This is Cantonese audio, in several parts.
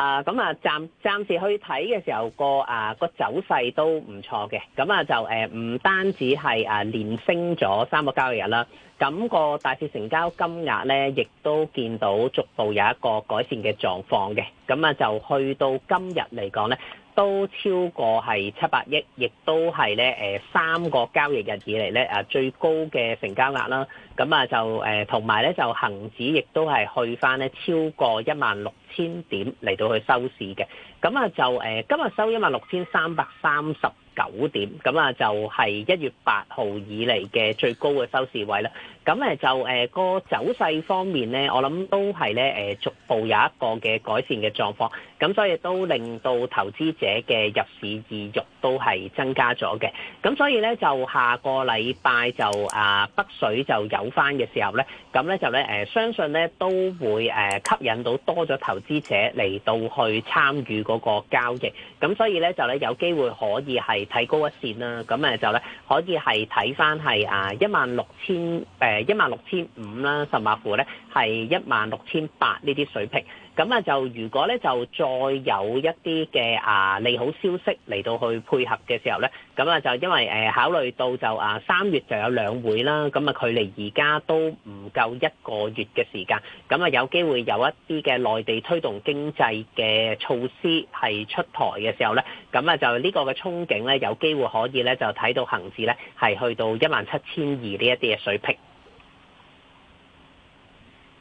啊，咁啊暫暫時去睇嘅時候，個啊個走勢都唔錯嘅，咁啊就誒唔單止係啊連升咗三個交易日啦，咁個大市成交金額咧，亦都見到逐步有一個改善嘅狀況嘅，咁啊就去到今日嚟講咧。都超過係七百億，亦都係咧誒三個交易日以嚟咧啊最高嘅成交額啦。咁啊就誒同埋咧就恒指亦都係去返咧超過一萬六千點嚟到去收市嘅。咁啊就誒、呃、今日收一萬六千三百三十九點。咁啊就係一月八號以嚟嘅最高嘅收市位啦。咁誒就誒個走勢方面咧，我諗都係咧誒逐步有一個嘅改善嘅狀況，咁所以都令到投資者嘅入市意欲都係增加咗嘅。咁所以咧就下個禮拜就啊北水就有翻嘅時候咧，咁咧就咧誒相信咧都會誒吸引到多咗投資者嚟到去參與嗰個交易。咁所以咧就咧有機會可以係睇高一線啦。咁誒就咧可以係睇翻係啊一萬六千誒。一萬六千五啦，甚至乎係一萬六千八呢啲水平。咁啊就如果咧就再有一啲嘅啊利好消息嚟到去配合嘅時候咧，咁啊就因為考慮到就啊三月就有兩會啦，咁啊距離而家都唔夠一個月嘅時間，咁啊有機會有一啲嘅內地推動經濟嘅措施係出台嘅時候咧，咁啊就呢個嘅憧憬咧有機會可以咧就睇到恆指咧係去到一萬七千二呢一啲嘅水平。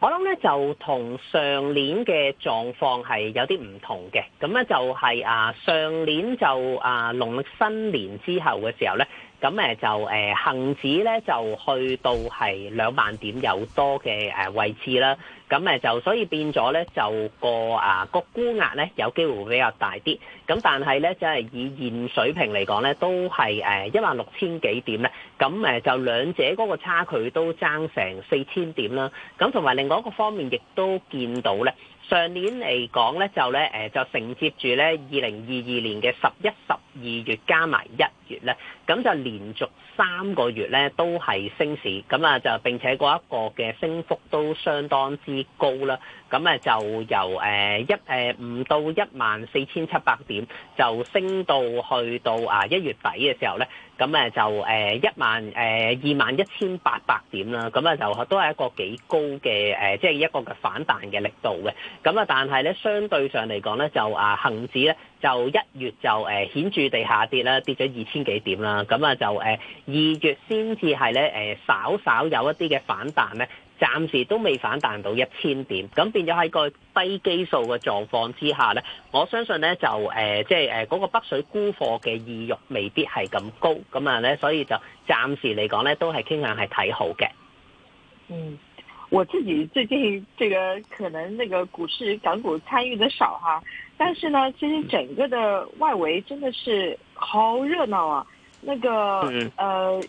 我諗咧就同上年嘅狀況係有啲唔同嘅，咁咧就係啊，上年就啊農曆新年之後嘅時候咧，咁誒就誒、啊、恆指咧就去到係兩萬點有多嘅誒位置啦。咁就所以變咗咧，就個啊個沽壓咧有機會會比較大啲。咁但係咧，就係以現水平嚟講咧，都係誒一萬六千幾點咧。咁就兩者嗰個差距都爭成四千點啦。咁同埋另外一個方面，亦都見到咧，上年嚟講咧，就咧就承接住咧二零二二年嘅十一、十二月加埋一月咧，咁就連續三個月咧都係升市。咁啊就並且嗰一個嘅升幅都相當之高啦，咁啊就由誒一誒五到一萬四千七百點，就升到去到啊一月底嘅時候咧，咁啊就誒一萬誒二萬一千八百點啦，咁啊就都係一個幾高嘅誒，即係一個嘅反彈嘅力度嘅。咁啊，但係咧，相對上嚟講咧，就啊恆指咧，就一月就誒顯著地下跌啦，跌咗二千幾點啦，咁啊就誒二月先至係咧誒稍稍有一啲嘅反彈咧。暫時都未反彈到一千點，咁變咗喺個低基數嘅狀況之下咧，我相信咧就誒，即係誒嗰個北水沽貨嘅意欲未必係咁高，咁啊咧，所以就暫時嚟講咧都係傾向係睇好嘅。嗯，我自己最近，這個可能那個股市、港股參與得少哈，但是呢，其實整個的外圍真的是好熱鬧啊！那個，呃。嗯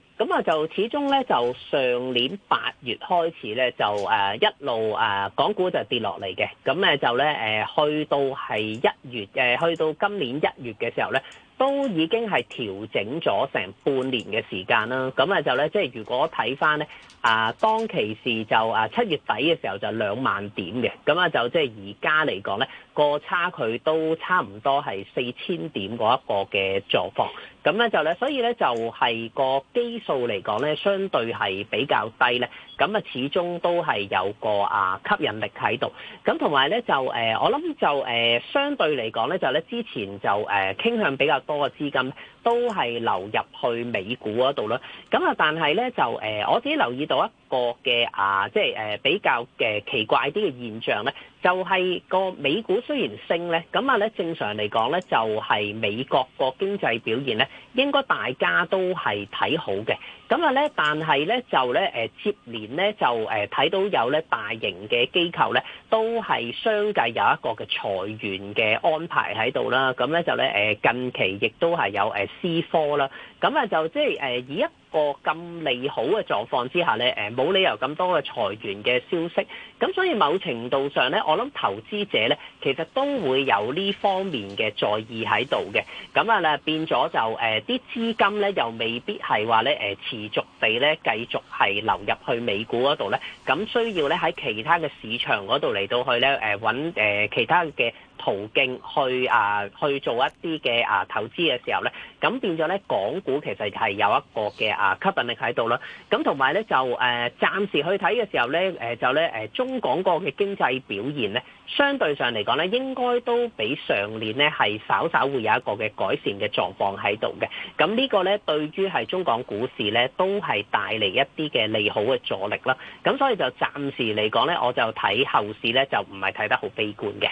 咁啊，就始終咧，就上年八月開始咧，就誒、啊、一路誒、啊、港股就跌落嚟嘅。咁咧就咧誒去到係，一月誒、啊，去到今年一月嘅時候咧。都已經係調整咗成半年嘅時間啦，咁啊就咧，即係如果睇返咧，啊當其時就啊七月底嘅時候就兩萬點嘅，咁啊就即係而家嚟講咧，個差距都差唔多係四千點嗰一個嘅狀況，咁咧就咧，所以咧就係、是、個基數嚟講咧，相對係比較低咧。咁啊，始終都係有個啊吸引力喺度，咁同埋咧就誒，我諗就誒，相對嚟講咧就咧，之前就誒傾向比較多嘅資金。都係流入去美股嗰度啦。咁啊，但係咧就誒，我自己留意到一個嘅啊，即係誒比較嘅奇怪啲嘅現象咧，就係、是、個美股雖然升咧，咁啊咧正常嚟講咧，就係美國個經濟表現咧，應該大家都係睇好嘅。咁啊咧，但係咧就咧誒接連咧就誒睇到有咧大型嘅機構咧都係相繼有一個嘅裁員嘅安排喺度啦。咁咧就咧誒近期亦都係有誒師科啦，咁啊就即係誒以一個咁利好嘅狀況之下咧，誒冇理由咁多嘅裁員嘅消息，咁所以某程度上咧，我諗投資者咧其實都會有呢方面嘅在意喺度嘅，咁啊咧變咗就誒啲資金咧又未必係話咧誒持續地咧繼續係流入去美股嗰度咧，咁需要咧喺其他嘅市場嗰度嚟到去咧誒揾誒其他嘅。途徑去啊去做一啲嘅啊投資嘅時候咧，咁變咗咧，港股其實係有一個嘅啊吸引力喺度啦。咁同埋咧就、啊、暫時去睇嘅時候咧，就咧中港國嘅經濟表現咧，相對上嚟講咧，應該都比上年咧係稍稍會有一個嘅改善嘅狀況喺度嘅。咁呢個咧對於係中港股市咧都係帶嚟一啲嘅利好嘅助力啦。咁所以就暫時嚟講咧，我就睇後市咧就唔係睇得好悲觀嘅。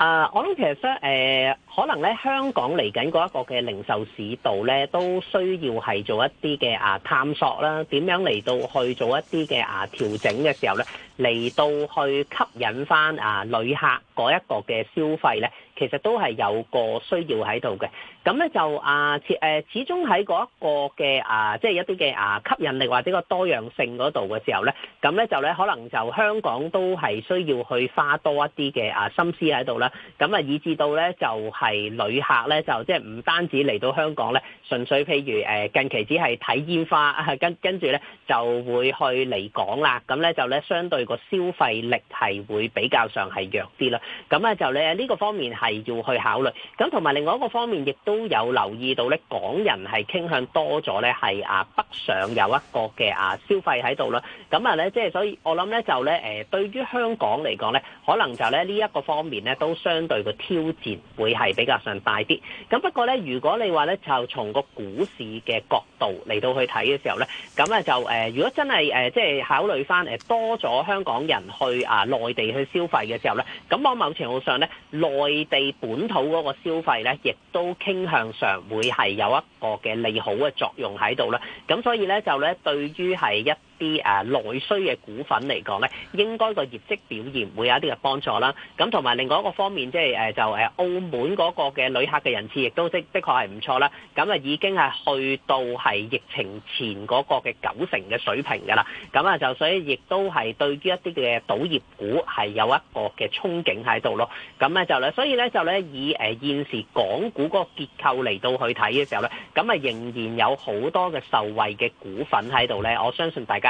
啊，我諗其實咧，誒，可能咧，香港嚟緊嗰一個嘅零售市道咧，都需要係做一啲嘅啊探索啦。點樣嚟到去做一啲嘅啊調整嘅時候咧，嚟到去吸引翻啊旅客嗰一個嘅消費咧。其實都係有個需要喺度嘅，咁咧就啊始誒始終喺嗰一個嘅啊，即係、啊就是、一啲嘅啊吸引力或者個多樣性嗰度嘅時候咧，咁咧就咧可能就香港都係需要去花多一啲嘅啊心思喺度啦，咁啊以至到咧就係、是、旅客咧就即係唔單止嚟到香港咧，純粹譬如誒近期只係睇煙花，跟跟住咧就會去離港啦，咁咧就咧相對個消費力係會比較上係弱啲啦，咁啊就咧呢、這個方面係。係要去考慮，咁同埋另外一個方面，亦都有留意到咧，港人係傾向多咗咧，係啊北上有一個嘅啊消費喺度啦。咁啊咧，即係所以我呢，我諗咧就咧對於香港嚟講咧，可能就咧呢一個方面咧，都相對個挑戰會係比較上大啲。咁不過咧，如果你話咧就從個股市嘅角度嚟到去睇嘅時候咧，咁咧就如果真係即係考慮翻多咗香港人去啊內地去消費嘅時候咧，咁我某程度上咧內地本土嗰個消費咧，亦都傾向上會係有一個嘅利好嘅作用喺度啦。咁所以咧，就咧對於係一。啲誒內需嘅股份嚟講咧，應該個業績表現會有一啲嘅幫助啦。咁同埋另外一個方面，即係誒就誒澳門嗰個嘅旅客嘅人次，亦都的的確係唔錯啦。咁啊已經係去到係疫情前嗰個嘅九成嘅水平㗎喇。咁啊就所以亦都係對於一啲嘅賭業股係有一個嘅憧憬喺度咯。咁咧就咧，所以咧就咧以誒現時港股嗰個結構嚟到去睇嘅時候咧，咁啊仍然有好多嘅受惠嘅股份喺度咧，我相信大家。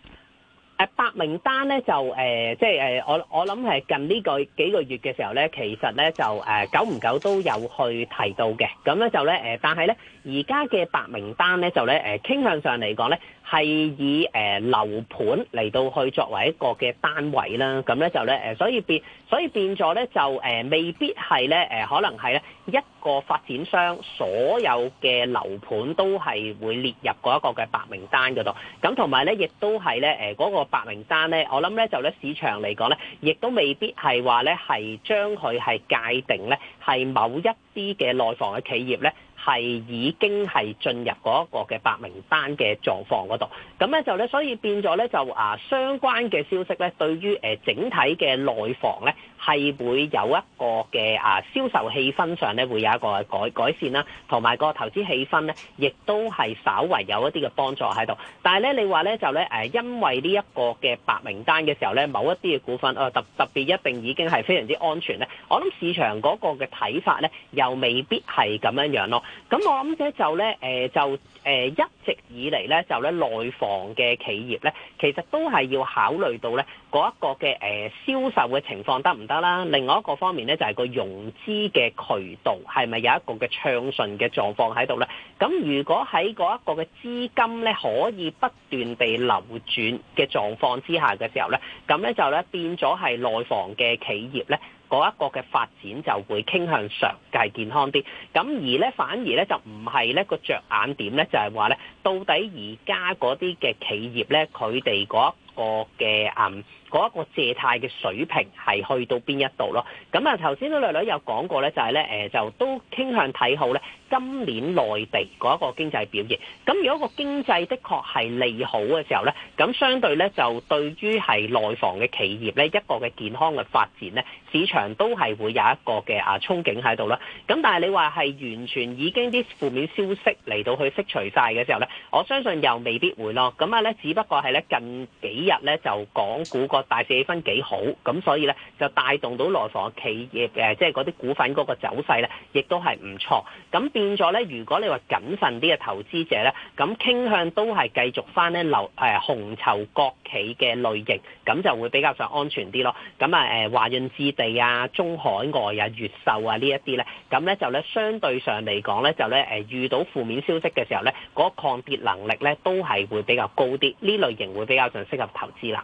白名單咧就誒、呃、即係誒、呃、我我諗係近呢個幾個月嘅時候咧，其實咧就誒、呃、久唔久都有去提到嘅，咁咧就咧誒、呃，但係咧而家嘅白名單咧就咧誒傾向上嚟講咧。係以誒樓盤嚟到去作為一個嘅單位啦，咁咧就咧誒，所以變所以變咗咧就誒，未必係咧誒，可能係咧一個發展商所有嘅樓盤都係會列入嗰一個嘅白名單嗰度，咁同埋咧亦都係咧誒嗰個白名單咧，我諗咧就咧市場嚟講咧，亦都未必係話咧係將佢係界定咧係某一啲嘅內房嘅企業咧。係已經係進入嗰一個嘅白名單嘅狀況嗰度，咁咧就咧，所以變咗咧就啊相關嘅消息咧，對於誒整體嘅內房咧。係會有一個嘅啊銷售氣氛上咧，會有一個改改善啦，同埋個投資氣氛咧，亦都係稍為有一啲嘅幫助喺度。但係咧，你話咧就咧誒，因為呢一個嘅白名單嘅時候咧，某一啲嘅股份啊，特特別一定已經係非常之安全咧。我諗市場嗰個嘅睇法咧，又未必係咁樣樣咯。咁我諗嘅就咧誒就。一直以嚟咧就咧內房嘅企業咧，其實都係要考慮到咧嗰一個嘅誒銷售嘅情況得唔得啦。另外一個方面咧就係個融資嘅渠道係咪有一個嘅暢順嘅狀況喺度咧？咁如果喺嗰一個嘅資金咧可以不斷地流轉嘅狀況之下嘅時候咧，咁咧就咧變咗係內房嘅企業咧。嗰一個嘅發展就會傾向上計健康啲，咁而咧反而咧就唔係咧個着眼點咧就係話咧，到底而家嗰啲嘅企業咧，佢哋嗰一個嘅嗯。嗰一個借貸嘅水平係去到邊一度咯？咁啊，頭先都略略有講過咧，就係咧誒，就都傾向睇好咧今年內地嗰一個經濟表現。咁如果個經濟的確係利好嘅時候咧，咁相對咧就對於係內房嘅企業咧一個嘅健康嘅發展咧，市場都係會有一個嘅啊憧憬喺度啦。咁但係你話係完全已經啲負面消息嚟到去釋除晒嘅時候咧，我相信又未必會咯。咁啊咧，只不過係咧近幾日咧就港股大市分幾好咁，所以咧就帶動到內房企業、呃、即係嗰啲股份嗰個走勢咧，亦都係唔錯。咁變咗咧，如果你話謹慎啲嘅投資者咧，咁傾向都係繼續返咧流、呃、紅籌國企嘅類型，咁就會比較上安全啲咯。咁啊誒華潤置地啊、中海外啊、越秀啊呢一啲咧，咁咧就咧相對上嚟講咧，就咧遇到負面消息嘅時候咧，嗰、嗰個、抗跌能力咧都係會比較高啲，呢類型會比較上適合投資啦。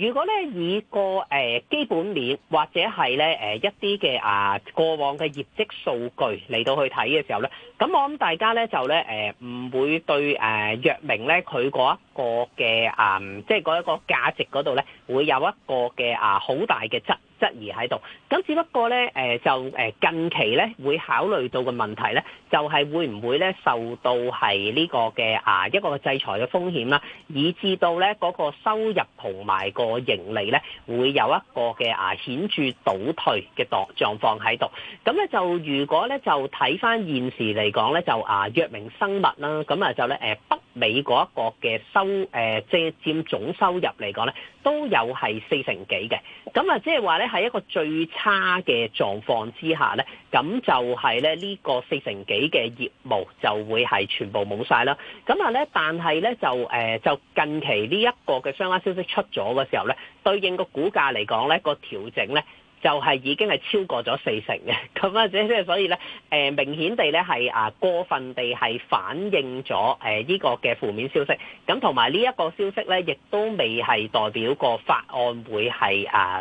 如果咧以個誒基本面或者係咧誒一啲嘅啊過往嘅業績數據嚟到去睇嘅時候咧，咁我諗大家咧就咧誒唔會對誒藥明咧佢嗰一個嘅啊即係嗰一個價值嗰度咧會有一個嘅啊好大嘅質。質疑喺度，咁只不過咧，就近期咧會考慮到嘅問題咧，就係、是、會唔會咧受到係呢個嘅啊一個制裁嘅風險啦，以至到咧嗰個收入同埋個盈利咧會有一個嘅啊顯著倒退嘅狀況喺度。咁咧就如果咧就睇返現時嚟講咧就啊藥明生物啦，咁啊就咧北。美國一個嘅收誒，即、呃、係佔總收入嚟講咧，都有係四成幾嘅。咁啊，即係話咧，係一個最差嘅狀況之下咧，咁就係咧呢個四成幾嘅業務就會係全部冇晒啦。咁啊咧，但係咧就誒、呃、就近期呢一個嘅相關消息出咗嘅時候咧，對應個股價嚟講咧，個調整咧。就係已經係超過咗四成嘅，咁啊，即係所以咧，誒明顯地咧係啊過分地係反映咗誒呢個嘅負面消息，咁同埋呢一個消息咧，亦都未係代表個法案會係啊。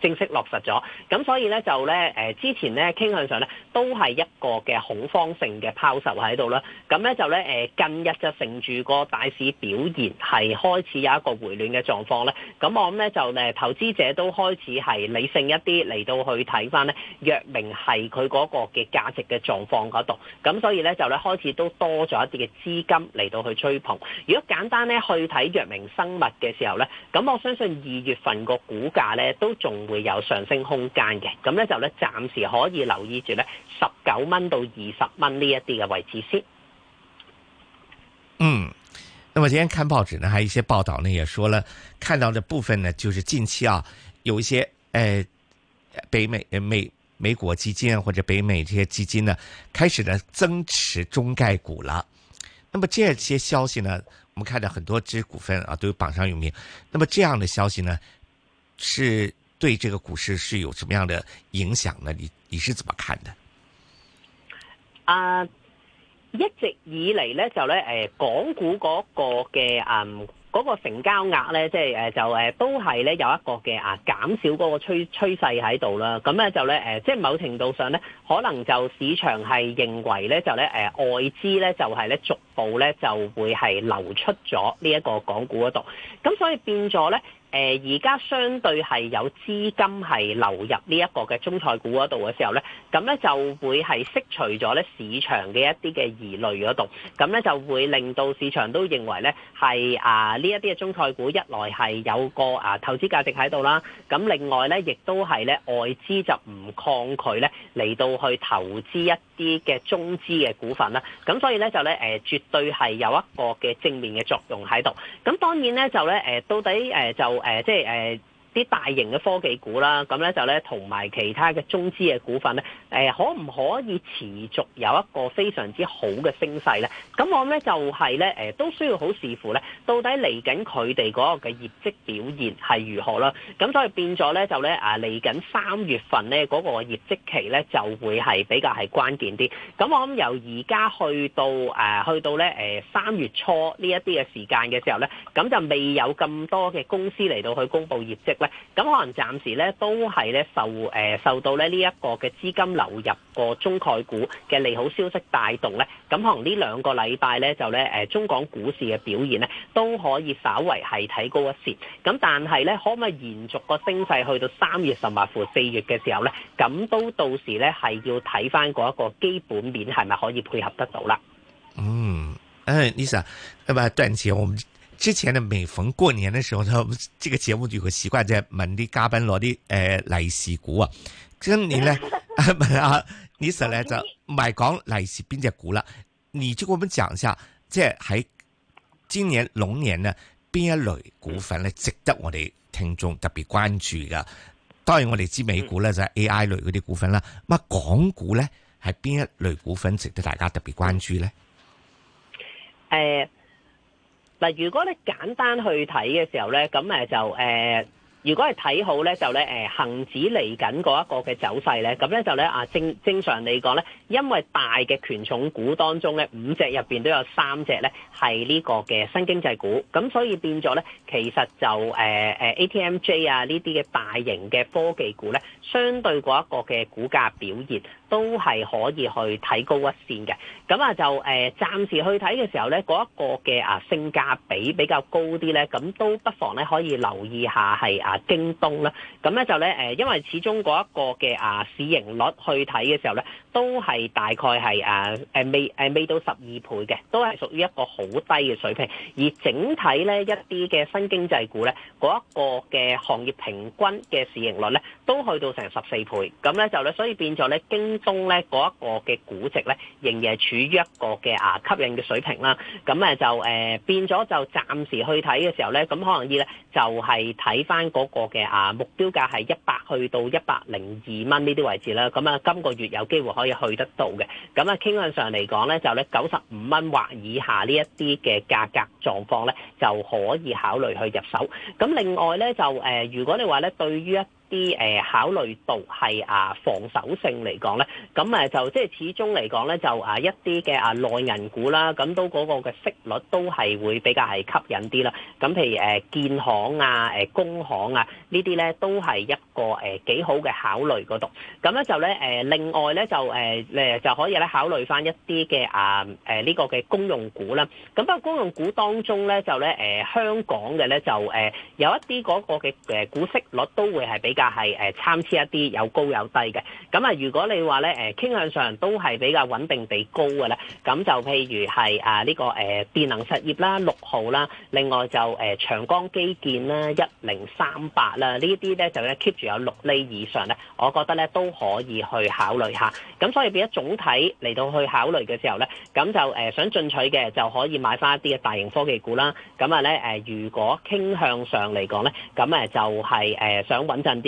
正式落實咗，咁所以咧就咧誒之前咧傾向上咧都係一個嘅恐慌性嘅拋售喺度啦，咁咧就咧誒近日就乘住個大市表現係開始有一個回暖嘅狀況咧，咁我諗咧就誒投資者都開始係理性一啲嚟到去睇翻咧藥明係佢嗰個嘅價值嘅狀況嗰度，咁所以咧就咧開始都多咗一啲嘅資金嚟到去吹捧。如果簡單咧去睇藥明生物嘅時候咧，咁我相信二月份個股價咧都仲。會有上升空間嘅，咁呢，就呢暫時可以留意住呢十九蚊到二十蚊呢一啲嘅位置先。嗯，咁我今天看報紙呢，還有一些報道呢，也說了，看到的部分呢，就是近期啊，有一些誒、呃、北美美美，美國基金或者北美這些基金呢，開始呢，增持中概股啦。那麼這些消息呢，我們看到很多隻股份啊都有榜上有名。那麼這樣的消息呢，是。對這個股市是有什麼樣的影響呢？你你是怎麼看的？啊，一直以嚟呢，就呢誒，港股嗰個嘅啊，嗰個成交額呢，即係誒，就誒，都係呢有一個嘅啊減少嗰個趨趨勢喺度啦。咁呢，就呢，誒、嗯那個就是啊呃，即係某程度上呢，可能就市場係認為呢，就呢誒、呃，外資呢，就係、是、呢逐步呢就會係流出咗呢一個港股嗰度，咁所以變咗呢。誒而家相對係有資金係流入呢一個嘅中概股嗰度嘅時候呢，咁呢就會係釋除咗呢市場嘅一啲嘅疑慮嗰度，咁呢就會令到市場都認為呢係啊呢一啲嘅中概股一來係有個啊投資價值喺度啦，咁另外呢，亦都係呢外資就唔抗拒呢嚟到去投資一啲嘅中資嘅股份啦，咁所以咧就咧，誒，絕對係有一個嘅正面嘅作用喺度。咁當然咧就咧，誒，到底誒，就誒，即係誒。啲大型嘅科技股啦，咁咧就咧同埋其他嘅中資嘅股份咧，誒可唔可以持續有一個非常之好嘅升勢咧？咁我諗咧就係咧誒都需要好視乎咧，到底嚟緊佢哋嗰個嘅業績表現係如何啦。咁所以變咗咧就咧啊嚟緊三月份咧嗰個業績期咧就會係比較係關鍵啲。咁我諗由而家去到誒去到咧誒三月初呢一啲嘅時間嘅時候咧，咁就未有咁多嘅公司嚟到去公布業績。喂，咁可能暫時咧都係咧受誒、呃、受到咧呢一個嘅資金流入個中概股嘅利好消息帶動咧，咁可能呢兩個禮拜咧就咧誒中港股市嘅表現咧都可以稍微係睇高一線，咁但係咧可唔可以延續個升勢去到三月甚至乎四月嘅時候咧，咁都到時咧係要睇翻嗰一個基本面係咪可以配合得到啦？嗯，i s a 咁啊，短期我唔～之前的每逢過年的時候呢，這個節目就會習慣即係問啲嘉賓攞啲誒利是股啊。今年呢， 問啊，其實咧就唔係講利是邊隻股啦，你就跟我們講一下，即係喺今年龍年呢邊一類股份咧值得我哋聽眾特別關注噶。當然我哋知美股咧就係、A I 類嗰啲股份啦，咁啊港股咧係邊一類股份值得大家特別關注咧？誒、uh。嗱，如果你簡單去睇嘅時候咧，咁誒就誒。欸如果係睇好咧，就咧誒恒指嚟緊嗰一個嘅走勢咧，咁咧就咧啊正正常嚟講咧，因為大嘅權重股當中咧五隻入面都有三隻咧係呢個嘅新經濟股，咁所以變咗咧其實就誒、呃、ATMJ 啊呢啲嘅大型嘅科技股咧，相對嗰一個嘅股價表現都係可以去睇高一線嘅，咁啊就誒暫時去睇嘅時候咧嗰一個嘅啊性價比比較高啲咧，咁都不妨咧可以留意下係。啊，京東啦，咁咧就咧，誒，因為始終嗰一個嘅啊市盈率去睇嘅時候咧，都係大概係誒誒，未誒，未到十二倍嘅，都係屬於一個好低嘅水平。而整體咧一啲嘅新經濟股咧，嗰一個嘅行業平均嘅市盈率咧，都去到成十四倍。咁咧就咧，所以變咗咧，京東咧嗰一個嘅估值咧，仍然係處於一個嘅啊吸引嘅水平啦。咁誒就誒變咗就暫時去睇嘅時候咧，咁可能依咧就係睇翻。嗰個嘅啊目標價係一百去到一百零二蚊呢啲位置啦，咁啊今個月有機會可以去得到嘅，咁啊傾向上嚟講呢，就呢九十五蚊或以下呢一啲嘅價格狀況呢，就可以考慮去入手。咁另外呢，就誒，如果你話呢對於啲誒考慮到係啊防守性嚟講咧，咁誒就即係始終嚟講咧，就啊一啲嘅啊內銀股啦，咁都嗰個嘅息率都係會比較係吸引啲啦。咁譬如誒建行啊、誒工行啊呢啲咧，都係一個誒幾好嘅考慮嗰度。咁咧就咧誒另外咧就誒誒就可以咧考慮翻一啲嘅啊誒呢個嘅公用股啦。咁不過公用股當中咧就咧誒香港嘅咧就誒有一啲嗰個嘅誒股息率都會係比，誒係參差一啲，有高有低嘅。咁啊，如果你話咧誒傾向上都係比較穩定地高嘅咧，咁就譬如係啊呢個誒電能實業啦、六號啦，另外就誒長江基建啦、一零三八啦，呢啲咧就咧 keep 住有六厘以上咧，我覺得咧都可以去考慮下。咁所以變咗總體嚟到去考慮嘅時候咧，咁就誒想進取嘅就可以買翻一啲嘅大型科技股啦。咁啊咧誒如果傾向上嚟講咧，咁誒就係誒想穩陣啲。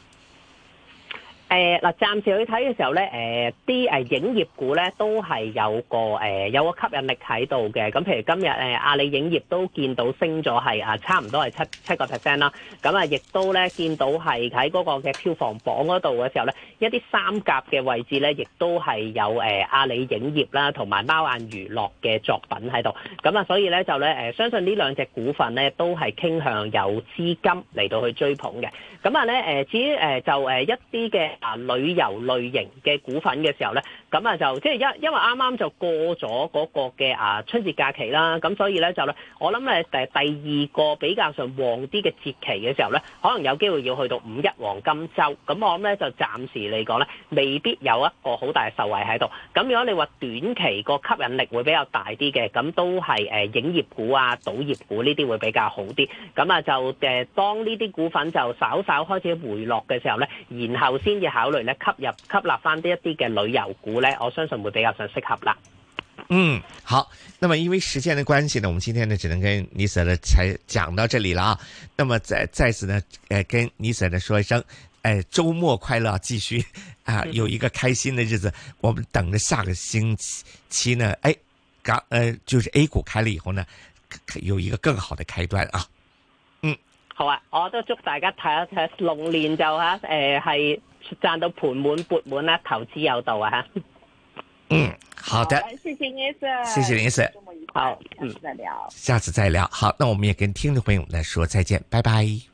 誒嗱，暫時去睇嘅時候咧，誒啲誒影業股咧都係有個誒有個吸引力喺度嘅。咁譬如今日誒阿里影業都見到升咗係啊，差唔多係七七個 percent 啦。咁啊，亦都咧見到係喺嗰個嘅票房榜嗰度嘅時候咧，一啲三甲嘅位置咧，亦都係有誒阿里影業啦，同埋貓眼娛樂嘅作品喺度。咁啊，所以咧就咧誒，相信呢兩隻股份咧都係傾向有資金嚟到去追捧嘅。咁啊咧誒，至於誒就誒一啲嘅。啊，旅遊類型嘅股份嘅時候咧，咁啊就即係因因為啱啱就過咗嗰個嘅啊春節假期啦，咁所以咧就咧，我諗咧第第二個比較上旺啲嘅節期嘅時候咧，可能有機會要去到五一黃金週，咁我諗咧就暫時嚟講咧，未必有一個好大嘅受惠喺度。咁如果你話短期個吸引力會比較大啲嘅，咁都係影業股啊、賭業股呢啲會比較好啲。咁啊就誒當呢啲股份就稍稍開始回落嘅時候咧，然後先至。考慮咧，吸入吸納翻呢一啲嘅旅遊股呢，我相信會比較上適合啦。嗯，好。那麼因為時間的關係呢，我們今天呢只能跟聶 sir 呢，才講到這裏啦。啊，那麼再再次呢，誒，跟聶 sir 呢說一聲，誒，週末快樂，繼續啊，有一個開心的日子。嗯、我們等着下個星期期呢，誒，港，誒，就是 A 股開了以後呢，有一個更好的開端啊。好啊，我都祝大家睇一睇龍年就吓，誒係賺到盆滿缽滿啦！投資有道啊！吓，嗯，好的，好謝謝林 Sir，謝謝林 Sir，快好，嗯，再聊，嗯，下次再聊，好，那我們也跟聽眾朋友們來說再見，拜拜。